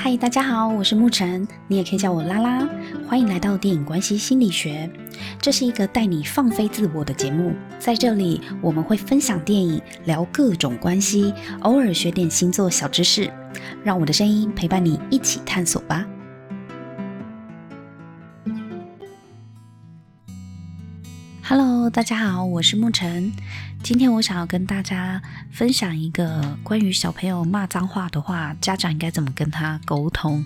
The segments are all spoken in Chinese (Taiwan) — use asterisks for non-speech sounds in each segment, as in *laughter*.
嗨，大家好，我是沐晨，你也可以叫我拉拉。歡迎來到電影關係心理學，這是一個帶你放飛自我的節目。在這裡，我們會分享電影，聊各種關係，偶爾學點星座小知識。讓我的聲音陪伴你一起探索吧。Hello，大家好，我是沐晨。今天我想要跟大家分享一個關於小朋友罵髒話的話，家長應該怎麼跟他溝通。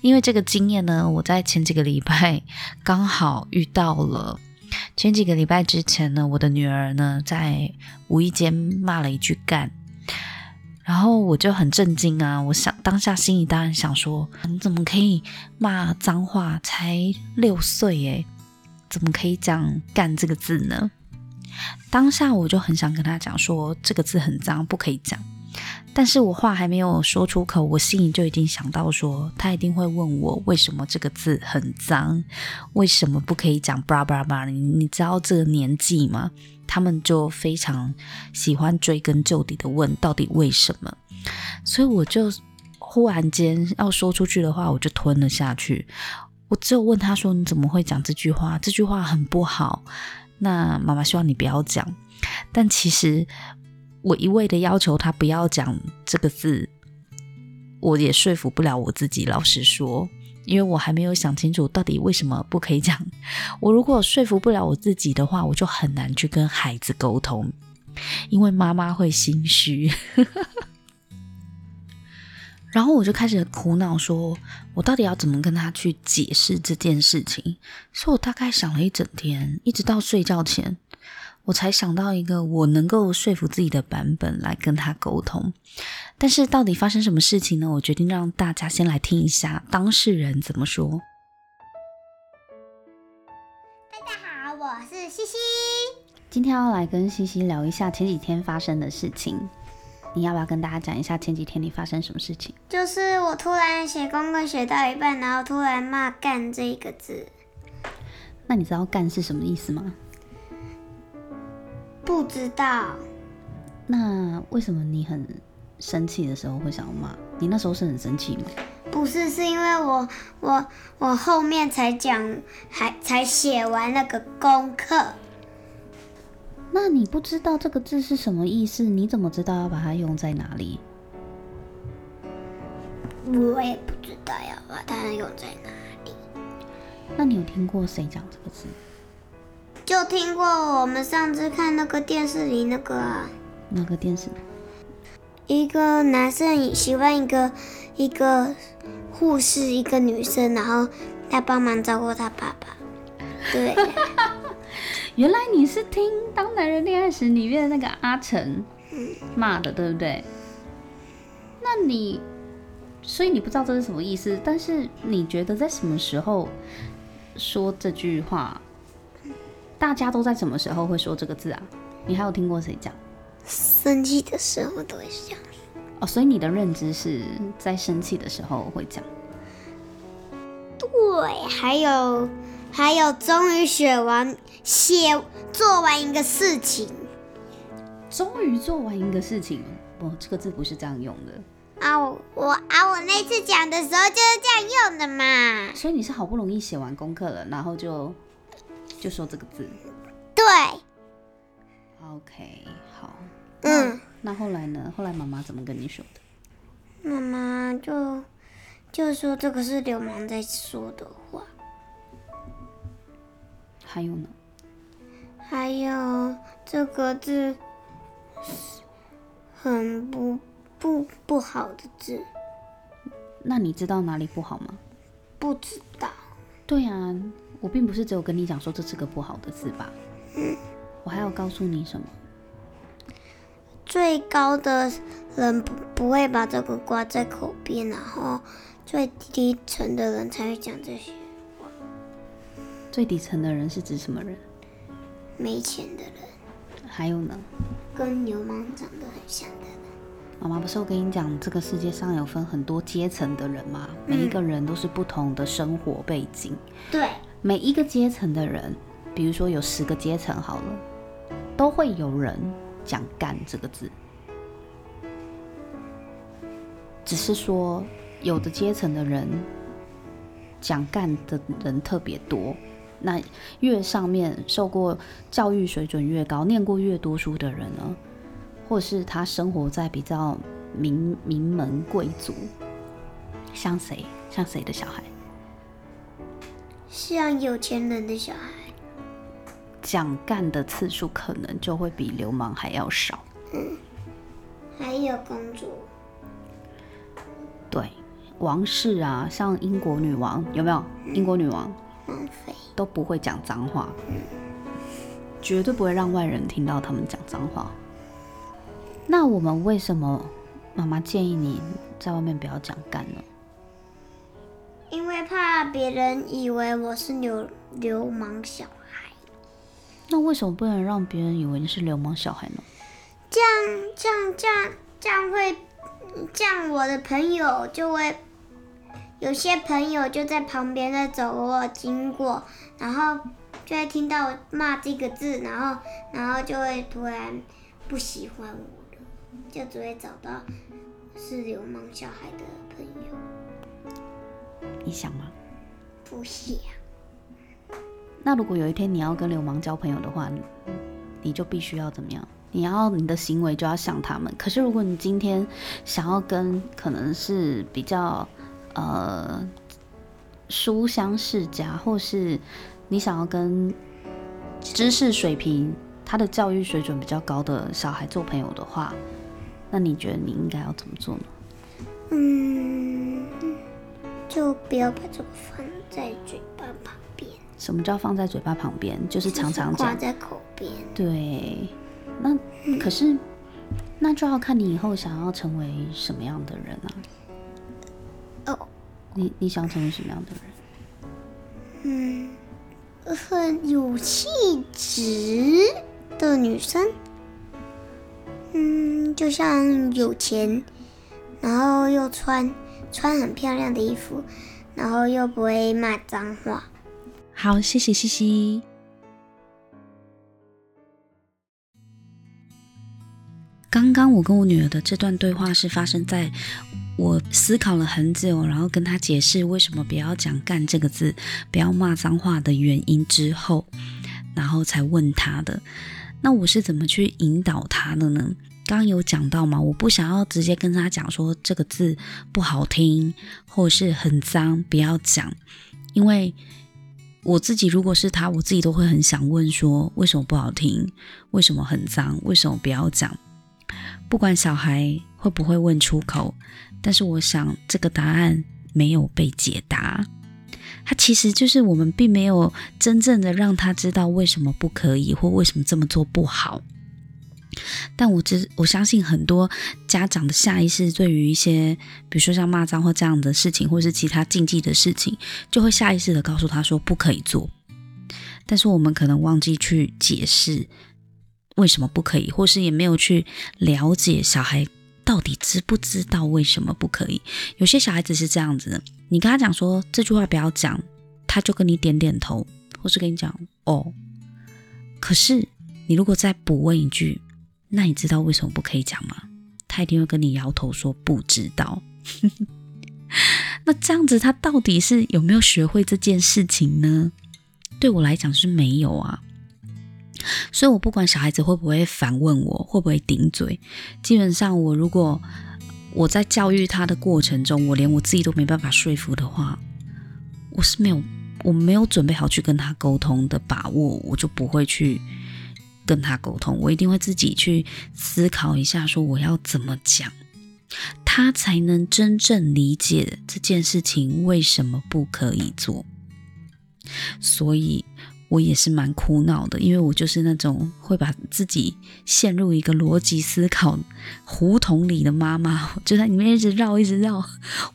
因為這個經驗呢，我在前幾個禮拜剛好遇到了。前幾個禮拜之前呢，我的女兒呢在無意間罵了一句“幹”，然後我就很震驚啊！我想當下心裡當然想說，你怎麼可以罵髒話？才六歲欸！怎麼可以講“幹”這個字呢？當下我就很想跟他講說這個字很髒，不可以講。但是我話還沒有說出口，我心裡就已經想到說他一定會問我為什麼這個字很髒，為什麼不可以講？吧啦吧啦吧，你知道這個年紀嗎？他們就非常喜歡追根究底的問到底為什麼。所以我就忽然間要說出去的話，我就吞了下去。我只有問他說：“你怎麼會講這句話？這句話很不好。那媽媽希望你不要講。但其實我一味的要求他不要講這個字，我也說服不了我自己。老實說，因為我還沒有想清楚到底為什麼不可以講。我如果說服不了我自己的話，我就很難去跟孩子溝通，因為媽媽會心虛。 *laughs* ”然後我就開始苦惱說，說我到底要怎麼跟他去解釋這件事情。所以我大概想了一整天，一直到睡覺前，我才想到一個我能夠說服自己的版本來跟他溝通。但是到底發生什麼事情呢？我決定讓大家先來聽一下當事人怎麼說。大家好，我是 CC，今天要來跟 CC 聊一下前幾天發生的事情。你要不要跟大家講一下前幾天你發生什麼事情？就是我突然寫功課寫到一半，然後突然罵“幹”這一個字。那你知道“幹”是什麼意思嗎？不知道。那為什麼你很生氣的時候會想要罵？你那時候是很生氣嗎？不是，是因為我我我後面才講，還才寫完那個功課。那你不知道這個字是什麼意思，你怎麼知道要把它用在哪裡？我也不知道要把它用在哪裡。那你有聽過誰講這個字？就聽過我們上次看那個電視裡那個啊，那個電視？一個男生喜歡一個一個護士，一個女生，然後他幫忙照顧他爸爸。對。 *laughs* 原來你是聽《當男人戀愛時》裡面的那個阿成罵的，嗯，對不對？那你，所以你不知道這是什麼意思。但是你覺得在什麼時候說這句話？大家都在什麼時候會說這個字啊？你還有聽過誰講？生氣的時候都會講。哦，所以你的認知是在生氣的時候會講。嗯、對，還有。還有學，終於寫完寫做完一個事情，終於做完一個事情。哦，這個字不是這樣用的啊！我，我啊，我那次講的時候就是這樣用的嘛。所以你是好不容易寫完功課了，然後就就說這個字。對。OK，好。嗯。那，那後來呢？後來媽媽怎麼跟你說的？媽媽就就說這個是流氓在說的話。還有呢，還有這個字，很不不不好的字。那你知道哪裡不好嗎？不知道。對啊，我並不是只有跟你講說這是個不好的字吧？嗯。我還要告訴你什麼？最高的人不不會把這個掛在口邊，然後最低層的人才會講這些。最底層的人是指什麼人？沒錢的人。還有呢？跟牛郎長得很像的人。媽媽不是我跟你講，這個世界上有分很多階層的人嗎？每一個人都是不同的生活背景。嗯。對。每一個階層的人，比如說有十個階層好了，都會有人講“幹”這個字，只是說有的階層的人講“幹”的人特別多。那越上面受過教育水準越高，念過越多書的人呢，或是他生活在比較名名門貴族，像誰？像誰的小孩？像有錢人的小孩。講乾的次數可能就會比流氓還要少。嗯，還有公主。對，王室啊，像英國女王，有沒有？英國女王。都不會講髒話，絕對不會讓外人聽到他們講髒話。那我們為什麼媽媽建議你在外面不要講幹呢？因為怕別人以為我是流流氓小孩。那為什麼不能讓別人以為你是流氓小孩呢？這樣這樣這樣這樣會，這樣我的朋友就會。有些朋友就在旁邊的走或經過，然後就會聽到我罵這個字，然後然後就會突然不喜歡我了，就只會找到是流氓小孩的朋友。你想嗎？不想。那如果有一天你要跟流氓交朋友的話，你，你就必須要怎麼樣？你要你的行為就要像他們。可是如果你今天想要跟可能是比較。呃，書香世家，或是你想要跟知識水平、嗯、他的教育水準比較高的小孩做朋友的話，那你覺得你應該要怎麼做呢？嗯，就不要把這個放在嘴巴旁邊。什麼叫放在嘴巴旁邊？就是常常、就是、掛在口邊。對，那、嗯、可是那就要看你以後想要成為什麼樣的人啊。哦，你你想成為什麼樣的人？嗯，很有氣質的女生。嗯，就像有錢，然後又穿穿很漂亮的衣服，然後又不會罵髒話。好，謝謝 CC。剛剛我跟我女兒的這段對話是發生在。我思考了很久，然後跟他解釋為什麼不要講“幹”這個字，不要罵髒話的原因之後，然後才問他的。那我是怎麼去引導他的呢？剛剛有講到嘛，我不想要直接跟他講說這個字不好聽，或者是很髒，不要講，因為我自己如果是他，我自己都會很想問說為什麼不好聽，為什麼很髒，為什麼不要講？不管小孩會不會問出口。但是我想，這個答案沒有被解答，他其實就是我們並沒有真正的讓他知道為什麼不可以，或為什麼這麼做不好。但我知我相信很多家長的下意識，對於一些比如說像罵髒話這樣的事情，或是其他禁忌的事情，就會下意識的告訴他說不可以做。但是我們可能忘記去解釋為什麼不可以，或是也沒有去了解小孩。到底知不知道為什麼不可以？有些小孩子是這樣子的，你跟他講說這句話不要講，他就跟你點點頭，或是跟你講哦。可是你如果再補問一句，那你知道為什麼不可以講嗎？他一定會跟你搖頭說不知道。 *laughs* 那這樣子，他到底是有沒有學會這件事情呢？對我來講是沒有啊。所以，我不管小孩子會不會反問我，我會不會頂嘴。基本上，我如果我在教育他的過程中，我連我自己都沒辦法說服的話，我是沒有，我沒有準備好去跟他溝通的把握，我就不會去跟他溝通。我一定會自己去思考一下，說我要怎麼講，他才能真正理解這件事情為什麼不可以做。所以。我也是蠻苦惱的，因為我就是那種會把自己陷入一個邏輯思考胡同裡的媽媽，就在裡面一直繞，一直繞。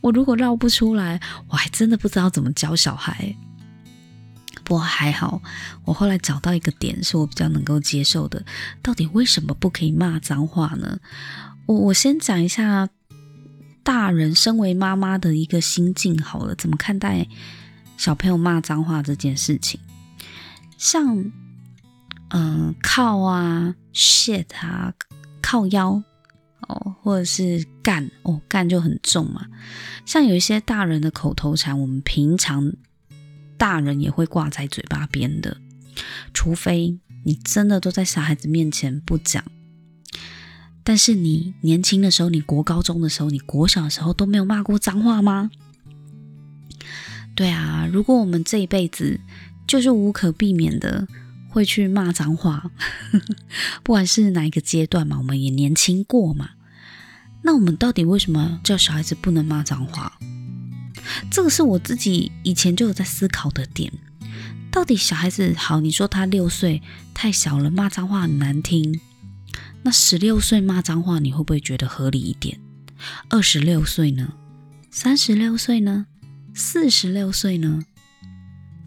我如果繞不出來，我還真的不知道怎麼教小孩。不過還好，我後來找到一個點是我比較能夠接受的。到底為什麼不可以罵髒話呢？我我先講一下大人身為媽媽的一個心境好了，怎麼看待小朋友罵髒話這件事情。像，嗯、呃，靠啊，shit 啊，靠腰哦，或者是幹哦，幹就很重嘛。像有一些大人的口頭禪，我們平常大人也會掛在嘴巴邊的，除非你真的都在小孩子面前不講。但是你年輕的時候，你國高中的時候，你國小的時候都沒有罵過髒話嗎？對啊，如果我們這一輩子。就是無可避免的會去罵髒話， *laughs* 不管是哪一個階段嘛，我們也年輕過嘛。那我們到底為什麼叫小孩子不能罵髒話？這個是我自己以前就有在思考的點。到底小孩子好，你說他六歲太小了，罵髒話很難聽。那十六歲罵髒話，你會不會覺得合理一點？二十六歲呢？三十六歲呢？四十六歲呢？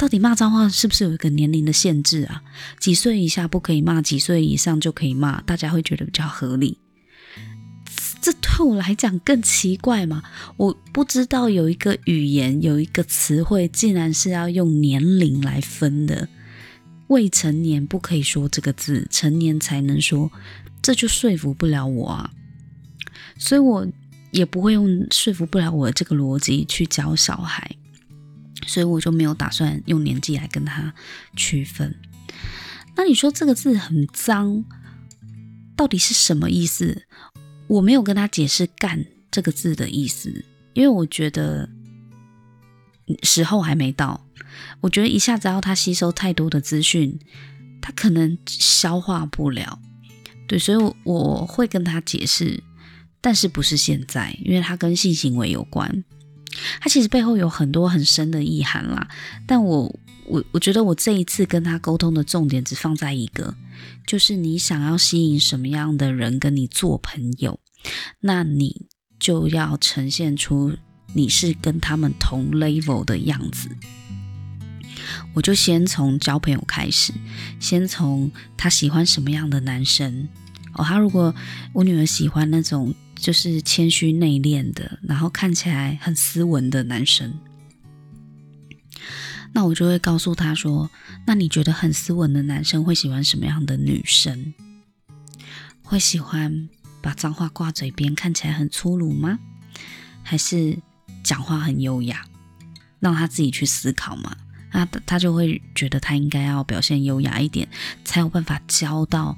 到底罵髒話是不是有一個年齡的限制啊？幾歲以下不可以罵，幾歲以上就可以罵，大家會覺得比較合理。這，這對我來講更奇怪嘛，我不知道有一個語言有一個詞彙，竟然是要用年齡來分的，未成年不可以說這個字，成年才能說，這就說服不了我啊。所以我也不會用說服不了我的這個邏輯去教小孩。所以我就沒有打算用年紀來跟他區分。那你說這個字很髒，到底是什麼意思？我沒有跟他解釋“幹”這個字的意思，因為我覺得時候還沒到。我覺得一下子要他吸收太多的資訊，他可能消化不了。對，所以，我會跟他解釋，但是不是現在，因為他跟性行為有關。他其實背後有很多很深的意涵啦，但我我我覺得我這一次跟他溝通的重點只放在一個，就是你想要吸引什麼樣的人跟你做朋友，那你就要呈現出你是跟他們同 level 的樣子。我就先從交朋友開始，先從他喜歡什麼樣的男生。哦，他如果我女兒喜歡那種就是謙虛內斂的，然後看起來很斯文的男生，那我就會告訴他說：“那你覺得很斯文的男生會喜歡什麼樣的女生？會喜歡把髒話掛嘴邊，看起來很粗魯嗎？還是講話很優雅？讓他自己去思考嘛。那他就會覺得他應該要表現優雅一點，才有辦法交到。”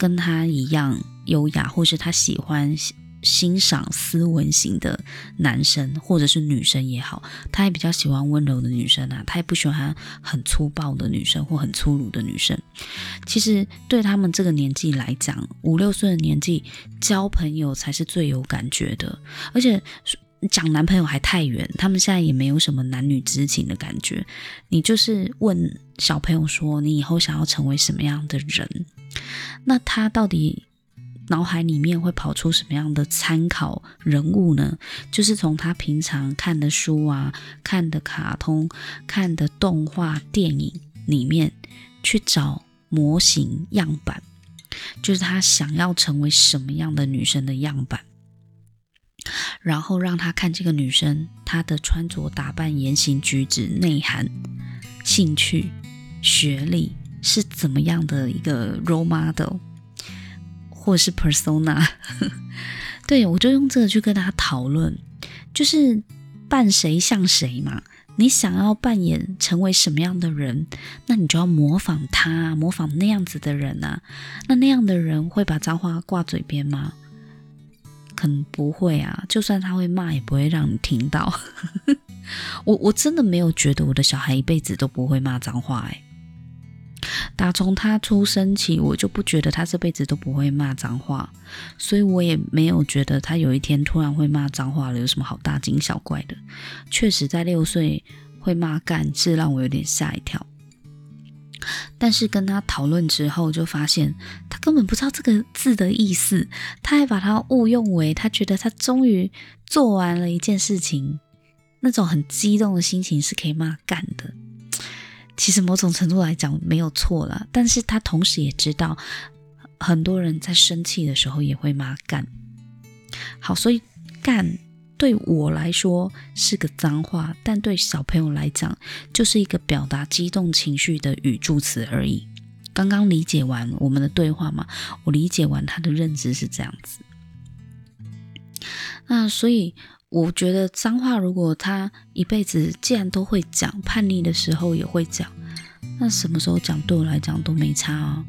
跟他一樣優雅，或是他喜歡欣賞斯文型的男生，或者是女生也好，他也比較喜歡溫柔的女生啊，他也不喜歡很粗暴的女生或很粗魯的女生。其實對他們這個年紀來講，五六歲的年紀交朋友才是最有感覺的，而且講男朋友還太遠，他們現在也沒有什麼男女之情的感覺。你就是問小朋友說，你以後想要成為什麼樣的人？那他到底腦海裡面會跑出什麼樣的參考人物呢？就是從他平常看的書啊、看的卡通、看的動畫電影裡面去找模型樣板，就是他想要成為什麼樣的女生的樣板，然後讓他看這個女生她的穿着打扮、言行舉止、內涵、興趣、學歷。是怎麼樣的一個 role model，或者是 persona？ *laughs* 對，我就用這個去跟他討論，就是扮誰像誰嘛。你想要扮演成為什麼樣的人，那你就要模仿他，模仿那樣子的人吶、啊。那那樣的人會把髒話掛嘴邊嗎？可能不會啊。就算他會罵，也不會讓你聽到。 *laughs* 我我真的沒有覺得我的小孩一輩子都不會罵髒話哎。打從他出生起，我就不覺得他這輩子都不會罵髒話，所以我也沒有覺得他有一天突然會罵髒話了，有什麼好大驚小怪的。確實，在六歲會罵幹，這讓我有點嚇一跳。但是跟他討論之後，就發現他根本不知道這個字的意思，他還把它誤用為他覺得他終於做完了一件事情，那種很激動的心情是可以罵幹的。其實某種程度來講沒有錯了，但是他同時也知道，很多人在生氣的時候也會罵幹。好，所以幹對我來說是個髒話，但對小朋友來講就是一個表達激動情緒的語助詞而已。剛剛理解完我們的對話嘛，我理解完他的認知是這樣子。那所以。我覺得髒話，如果他一輩子既然都會講，叛逆的時候也會講，那什麼時候講對我來講都沒差啊。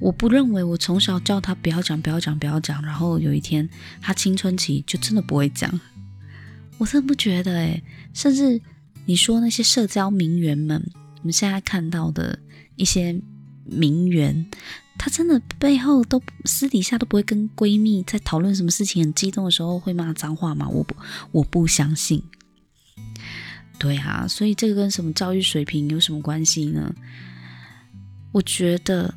我不認為我從小叫他不要講，不要講，不要講，然後有一天他青春期就真的不會講。我真的不覺得，誒，欸，甚至你說那些社交名媛們，我們現在看到的一些。名媛，她真的背後都私底下都不會跟閨蜜在討論什麼事情，很激動的時候會罵髒話嗎？我不，我不相信。對啊，所以這個跟什麼教育水平有什麼關係呢？我覺得，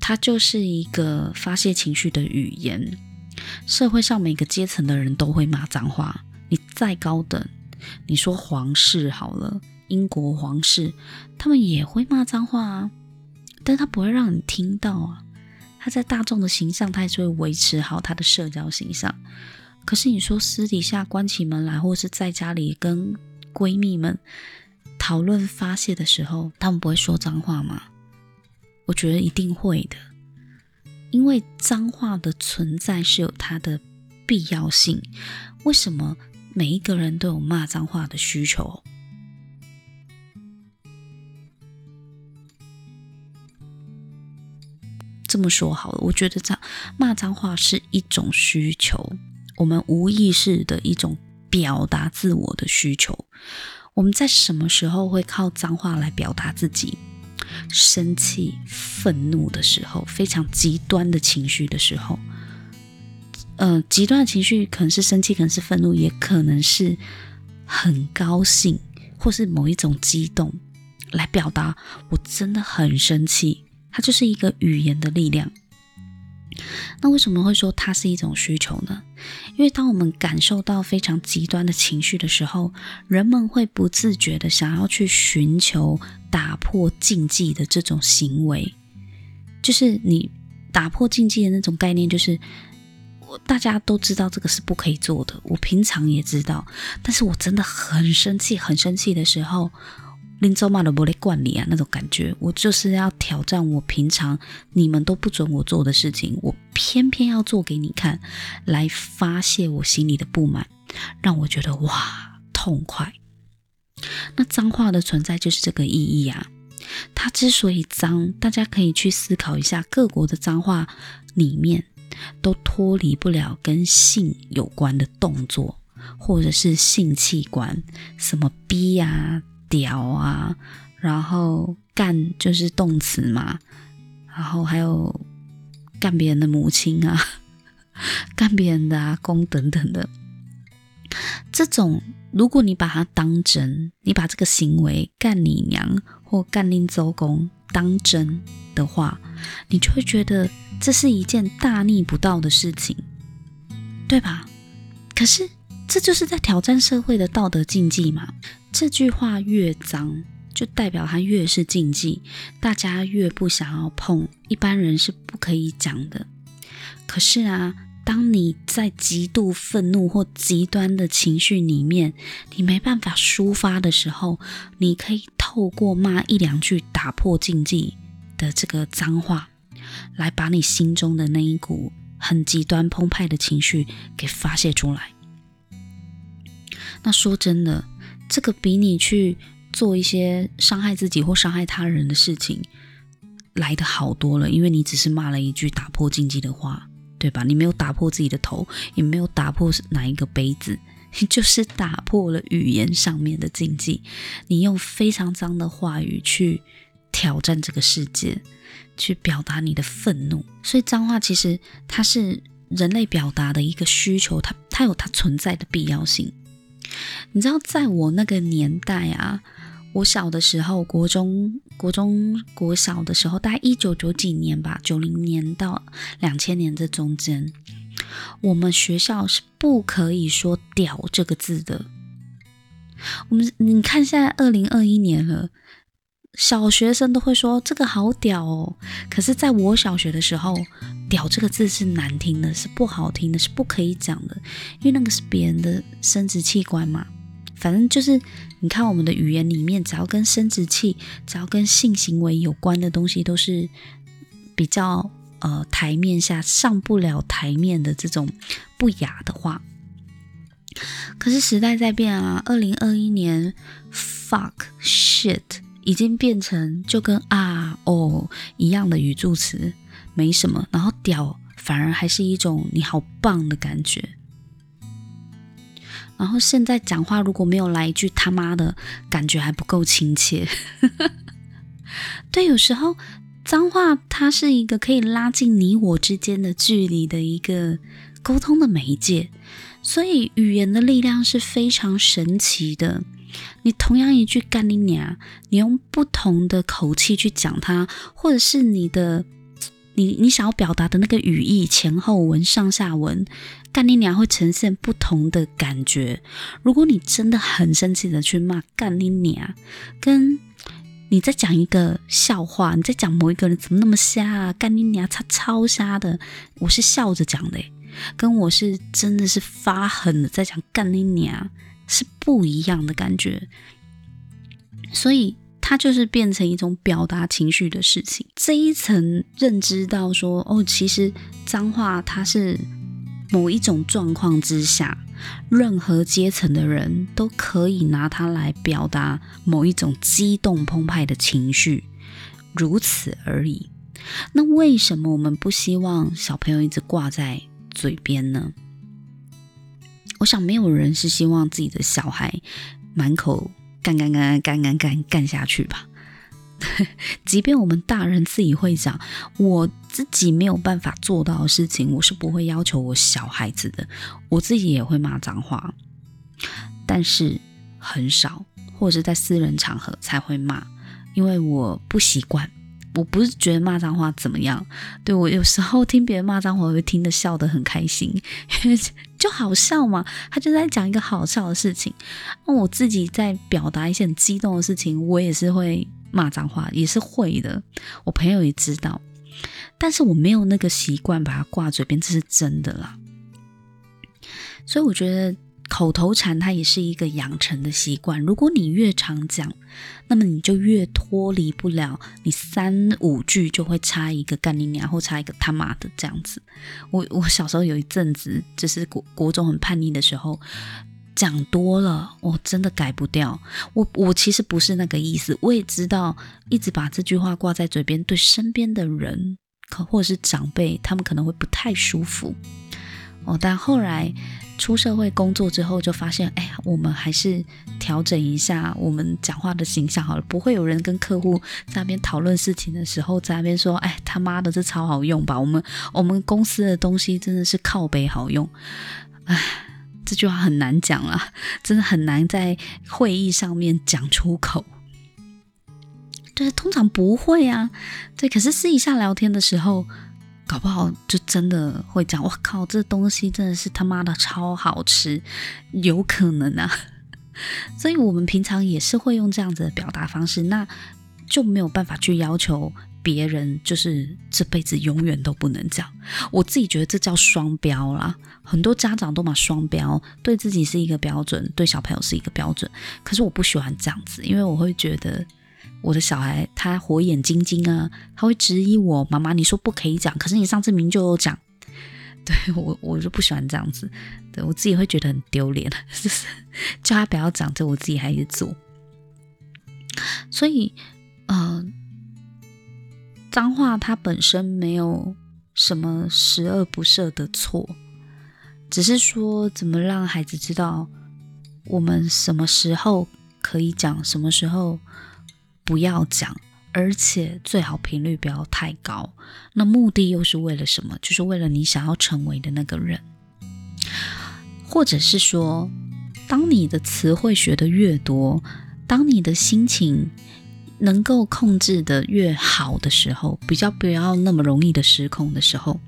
它就是一個發洩情緒的語言。社會上每個階層的人都會罵髒話，你再高等，你說皇室好了，英國皇室，他們也會罵髒話啊。但他不會讓你聽到啊，他在大眾的形象，他也是會維持好他的社交形象。可是你說私底下關起門來，或者是在家裡跟閨蜜們討論發泄的時候，他們不會說髒話嗎？我覺得一定會的，因為髒話的存在是有它的必要性。為什麼每一個人都有罵髒話的需求？這麼說好了，我覺得這樣，罵髒話是一種需求，我們無意識的一種表達自我的需求。我們在什麼時候會靠髒話來表達自己？生氣、憤怒的時候，非常極端的情緒的時候。呃，極端的情緒可能是生氣，可能是憤怒，也可能是很高興，或是某一種激動，來表達我真的很生氣。它就是一個語言的力量。那為什麼會說它是一種需求呢？因為當我們感受到非常極端的情緒的時候，人們會不自覺地想要去尋求打破禁忌的這種行為。就是你打破禁忌的那種概念，就是我大家都知道這個是不可以做的。我平常也知道，但是我真的很生氣，很生氣的時候。拎走嘛的玻璃罐裡啊，那種感覺，我就是要挑戰我平常你們都不准我做的事情，我偏偏要做給你看，來發泄我心裡的不滿，讓我覺得哇痛快。那髒話的存在就是這個意義啊。它之所以髒，大家可以去思考一下，各國的髒話裡面都脫離不了跟性有關的動作，或者是性器官，什麼逼呀、啊。屌啊！然後幹就是動詞嘛，然後還有幹別人的母親啊，幹別人的阿公等等的。這種，如果你把它當真，你把這個行為幹你娘或幹拎祖公當真的話，你就會覺得這是一件大逆不道的事情，對吧？可是這就是在挑戰社會的道德禁忌嘛。這句話越髒，就代表它越是禁忌，大家越不想要碰。一般人是不可以講的。可是啊，當你在極度憤怒或極端的情緒裡面，你沒辦法抒發的時候，你可以透過罵一兩句打破禁忌的這個髒話，來把你心中的那一股很極端澎湃的情緒給發洩出來。那說真的。這個比你去做一些傷害自己或傷害他人的事情來得好多了，因為你只是罵了一句打破禁忌的話，對吧？你沒有打破自己的頭，也沒有打破哪一個杯子，你就是打破了語言上面的禁忌。你用非常髒的話語去挑戰這個世界，去表達你的憤怒。所以髒話其實它是人類表達的一個需求，它它有它存在的必要性。你知道，在我那個年代啊，我小的時候，國中、國中、國小的時候，大概一九九幾年吧，九零年到兩千年這中間，我們學校是不可以說“屌”這個字的。我們，你看，現在二零二一年了。小學生都會說這個好屌哦，可是在我小學的時候，屌這個字是難聽的，是不好聽的，是不可以講的，因為那個是別人的生殖器官嘛。反正就是，你看我們的語言裡面，只要跟生殖器、只要跟性行為有關的東西，都是比較呃台面下上不了台面的這種不雅的話。可是時代在變啊，二零二一年，fuck shit。已經變成就跟啊哦一樣的語助詞，沒什麼。然後屌反而還是一種你好棒的感覺。然後現在講話如果沒有來一句他媽的，感覺還不夠親切。 *laughs* 對，有時候髒話它是一個可以拉近你我之間的距離的一個溝通的媒介。所以語言的力量是非常神奇的。你同樣一句幹你娘，你用不同的口氣去講它，或者是你的，你你想要表達的那個語義前後文上下文，幹你娘會呈現不同的感覺。如果你真的很生氣的去罵幹你娘，跟你在講一個笑話，你在講某一個人怎麼那麼瞎啊，幹你娘他超瞎的。我是笑着講的，跟我是真的是發狠的在講幹你娘。是不一樣的感覺，所以它就是變成一種表達情緒的事情。這一層認知到說，哦，其實髒話它是某一種狀況之下，任何階層的人都可以拿它來表達某一種激動澎湃的情緒，如此而已。那為什麼我們不希望小朋友一直掛在嘴邊呢？我想沒有人是希望自己的小孩滿口幹幹幹幹幹幹，幹下去吧。 *laughs* 即便我們大人自己會講，我自己沒有辦法做到的事情，我是不會要求我小孩子的。我自己也會罵髒話，但是很少，或者是在私人場合才會罵，因為我不習慣。我不是覺得罵髒話怎麼樣，對我有時候聽別人罵髒話會聽得笑得很開心，因為。就好笑嘛，他就在講一個好笑的事情。那我自己在表達一些很激動的事情，我也是會罵髒話，也是會的。我朋友也知道，但是我沒有那個習慣把它掛嘴邊，這是真的啦。所以我覺得。口頭禪，它也是一個養成的習慣。如果你越常講，那麼你就越脫離不了。你三五句就會插一個幹你娘，或插一個他媽的這樣子。我我小時候有一陣子，就是國國中很叛逆的時候，講多了，我、哦、真的改不掉。我我其實不是那個意思，我也知道，一直把這句話掛在嘴邊，對身邊的人，或者是長輩，他們可能會不太舒服。哦，但後來。出社會工作之後，就發現，哎呀，我們還是調整一下我們講話的形象好了。不會有人跟客戶在那邊討論事情的時候，在那邊說，哎，他媽的，這超好用吧？我們我們公司的東西真的是靠北好用。哎，這句話很難講啦，真的很難在會議上面講出口。對，通常不會啊。對，可是私底下聊天的時候。搞不好就真的會講，哇靠，這東西真的是他媽的超好吃，有可能啊。 *laughs* 所以我們平常也是會用這樣子的表達方式，那就沒有辦法去要求別人，就是這輩子永遠都不能講。我自己覺得這叫雙標啦，很多家長都把雙標，對自己是一個標準，對小朋友是一個標準。可是我不喜歡這樣子，因為我會覺得。我的小孩他火眼金睛啊，他會質疑我，媽媽，你說不可以講，可是你上次明就有講，對我我就不喜歡這樣子，對我自己會覺得很丟臉就是 *laughs* 叫他不要講，就我自己還是做。所以，呃，髒話它本身沒有什麼十惡不赦的錯，只是說怎麼讓孩子知道我們什麼時候可以講，什麼時候。不要講，而且最好頻率不要太高。那目的又是為了什麼？就是為了你想要成為的那個人，或者是說，當你的詞彙學得越多，當你的心情能夠控制得越好的時候，比較不要那麼容易的失控的時候，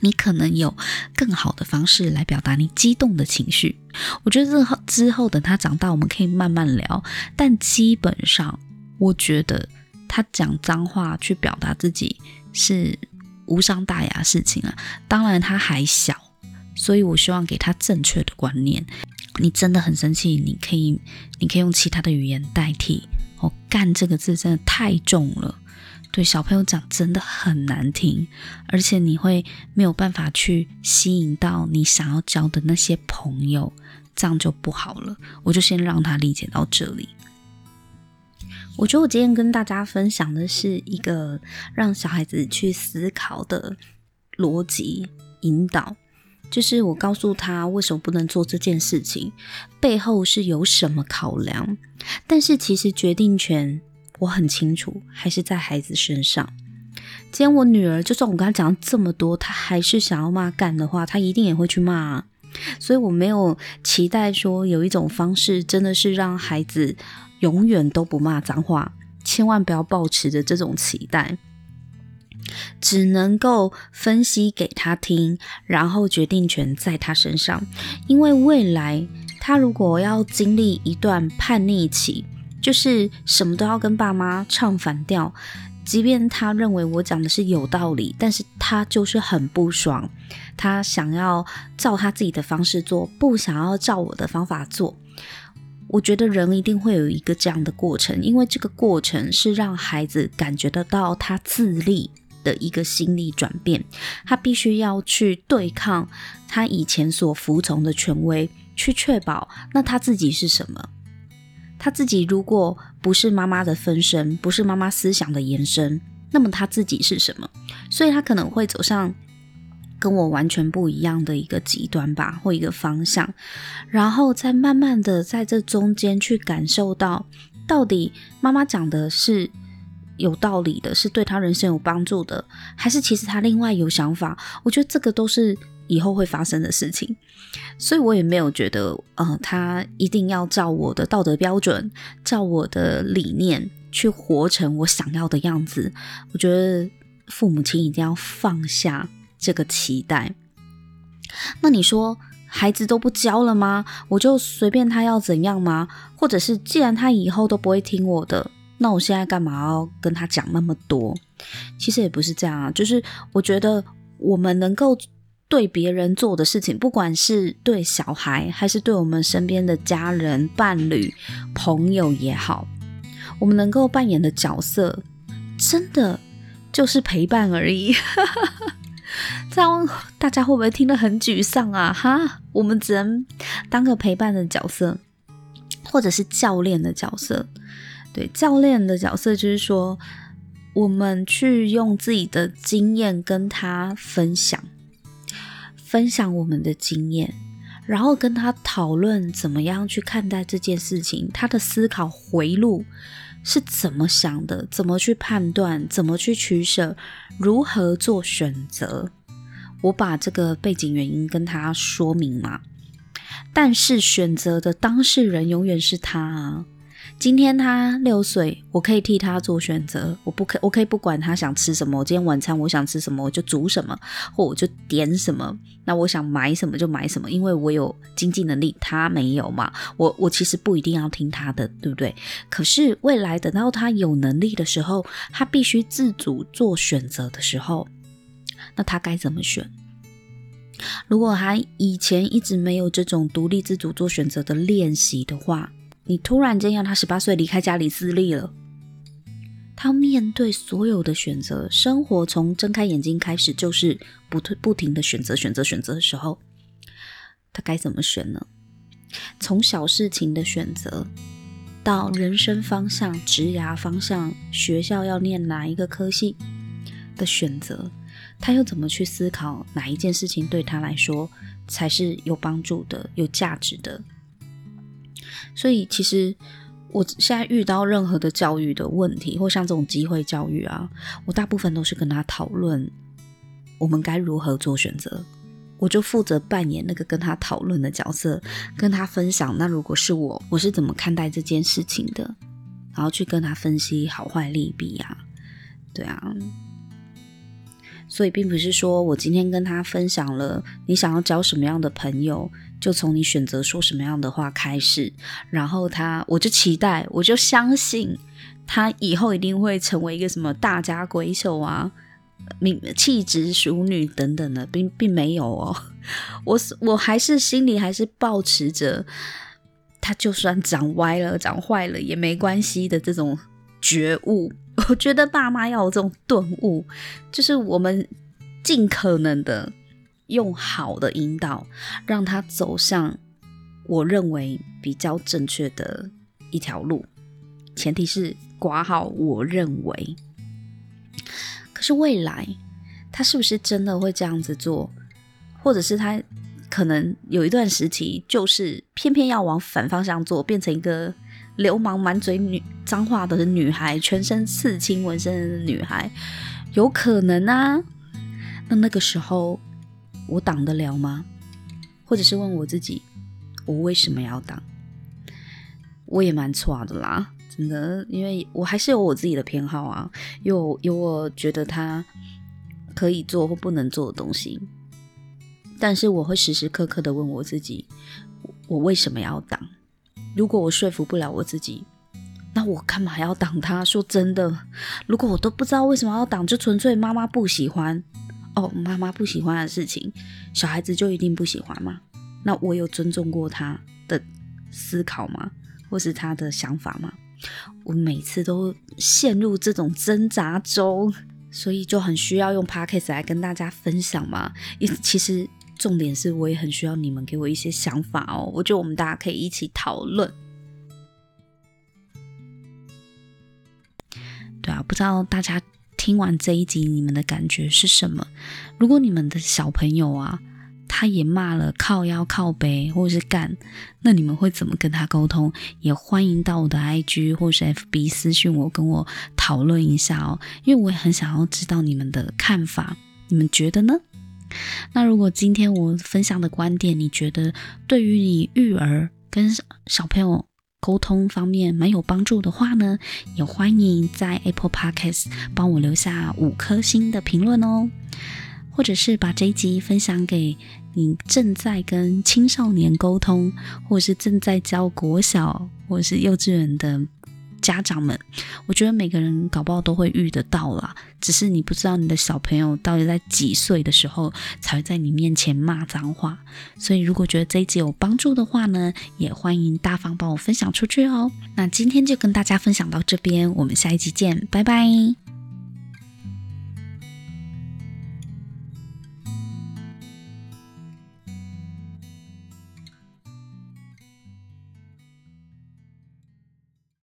你可能有更好的方式來表達你激動的情緒。我覺得之後，等他長大，我們可以慢慢聊。但基本上。我覺得他講髒話去表達自己是無傷大雅的事情啊。當然他還小，所以我希望給他正確的觀念。你真的很生氣，你可以，你可以用其他的語言代替。哦，幹這個字真的太重了，對小朋友講真的很難聽，而且你會沒有辦法去吸引到你想要交的那些朋友，這樣就不好了。我就先讓他理解到這裡。我覺得我今天跟大家分享的是一個讓小孩子去思考的邏輯引導，就是我告訴他為什麼不能做這件事情，背後是有什麼考量。但是其實決定權我很清楚，還是在孩子身上。今天我女兒就算我跟她講這麼多，她還是想要罵幹的話，她一定也會去罵啊。所以我沒有期待說有一種方式真的是讓孩子。永遠都不罵髒話，千萬不要抱持着這種期待，只能夠分析給他聽，然後決定權在他身上。因為未來他如果要經歷一段叛逆期，就是什麼都要跟爸媽唱反調，即便他認為我講的是有道理，但是他就是很不爽，他想要照他自己的方式做，不想要照我的方法做。我覺得人一定會有一個這樣的過程，因為這個過程是讓孩子感覺得到他自立的一個心理轉變，他必須要去對抗他以前所服從的權威，去確保那他自己是什麼？他自己如果不是媽媽的分身，不是媽媽思想的延伸，那麼他自己是什麼？所以他可能會走上跟我完全不一樣的一個極端吧，或一個方向，然後再慢慢的在這中間去感受到，到底媽媽講的是有道理的，是對他人生有幫助的，還是其實他另外有想法？我覺得這個都是以後會發生的事情，所以我也沒有覺得，呃，他一定要照我的道德標準，照我的理念去活成我想要的樣子。我覺得父母親一定要放下。這個期待，那你說孩子都不教了嗎？我就隨便他要怎樣嗎？或者是既然他以後都不會聽我的，那我現在幹嘛要跟他講那麼多？其實也不是這樣啊，就是我覺得我們能夠對別人做的事情，不管是對小孩，還是對我們身邊的家人、伴侶、朋友也好，我們能夠扮演的角色，真的就是陪伴而已。 *laughs* 這樣大家會不會聽得很沮喪啊？哈，我們只能當個陪伴的角色，或者是教練的角色。對，教練的角色就是說，我們去用自己的經驗跟他分享，分享我們的經驗，然後跟他討論怎麼樣去看待這件事情，他的思考回路。是怎麼想的，怎麼去判斷，怎麼去取捨，如何做選擇。我把這個背景原因跟他說明嘛，但是選擇的當事人永遠是他啊。今天他六歲，我可以替他做選擇，我不可以，我可以不管他想吃什麼。今天晚餐我想吃什麼，我就煮什麼，或我就點什麼。那我想買什麼就買什麼，因為我有經濟能力，他沒有嘛。我我其實不一定要聽他的，對不對？可是未來等到他有能力的時候，他必須自主做選擇的時候，那他該怎麼選？如果他以前一直沒有這種獨立自主做選擇的練習的話。你突然間要他十八歲離開家裡自立了，他面對所有的選擇，生活從睜開眼睛開始就是不不停的選擇，選擇，選擇的時候，他該怎麼選呢？從小事情的選擇到人生方向、職涯方向、學校要念哪一個科系的選擇，他又怎麼去思考哪一件事情對他來說才是有幫助的、有價值的？所以其實我現在遇到任何的教育的問題，或像這種機會教育啊，我大部分都是跟他討論我們該如何做選擇。我就負責扮演那個跟他討論的角色，跟他分享，那如果是我，我是怎麼看待這件事情的，然後去跟他分析好壞利弊啊，對啊。所以並不是說我今天跟他分享了你想要交什麼樣的朋友。就從你選擇說什麼樣的話開始，然後他，我就期待，我就相信他以後一定會成為一個什麼大家閨秀啊、名氣質淑女等等的，并並沒有哦。我我還是心裡還是保持着他就算長歪了、長壞了也沒關係的這種覺悟。我覺得爸媽要有這種頓悟，就是我們盡可能的。用好的引導，讓他走向我認為比較正確的一條路。前提是“括號”，我認為。可是未來他是不是真的會這樣子做？或者是他可能有一段時期，就是偏偏要往反方向做，變成一個流氓、滿嘴女髒話的女孩、全身刺青紋身的女孩？有可能啊。那那個時候。我擋得了嗎？或者是問我自己，我為什麼要擋？我也蠻錯的啦，真的，因為我還是有我自己的偏好啊，有有我覺得他可以做或不能做的東西。但是我會時時刻刻的問我自己，我，我為什麼要擋？如果我說服不了我自己，那我幹嘛要擋他？他說真的，如果我都不知道為什麼要擋，就純粹媽媽不喜歡。哦，媽媽不喜歡的事情，小孩子就一定不喜歡嗎？那我有尊重過他的思考嗎？或是他的想法嗎？我每次都陷入這種掙扎中，所以就很需要用 Podcast 來跟大家分享嘛。因為其實重點是，我也很需要你們給我一些想法哦。我覺得我們大家可以一起討論。對啊，不知道大家。聽完這一集，你們的感覺是什麼？如果你們的小朋友啊，他也罵了靠腰、靠北或是幹，那你們會怎麼跟他溝通？也歡迎到我的 IG 或者是 FB 私訊我，跟我討論一下哦，因為我也很想要知道你們的看法。你們覺得呢？那如果今天我分享的觀點，你覺得對於你育兒跟小朋友？溝通方面蠻有幫助的話呢，也歡迎在 Apple Podcast 幫我留下五顆星的評論哦，或者是把這一集分享給你正在跟青少年溝通，或者是正在教國小，或者是幼稚園的。家長們，我覺得每個人搞不好都會遇得到啦，只是你不知道你的小朋友到底在幾歲的時候才會在你面前罵髒話。所以，如果覺得這一集有幫助的話呢，也歡迎大方幫我分享出去哦。那今天就跟大家分享到這邊，我們下一集見，拜拜。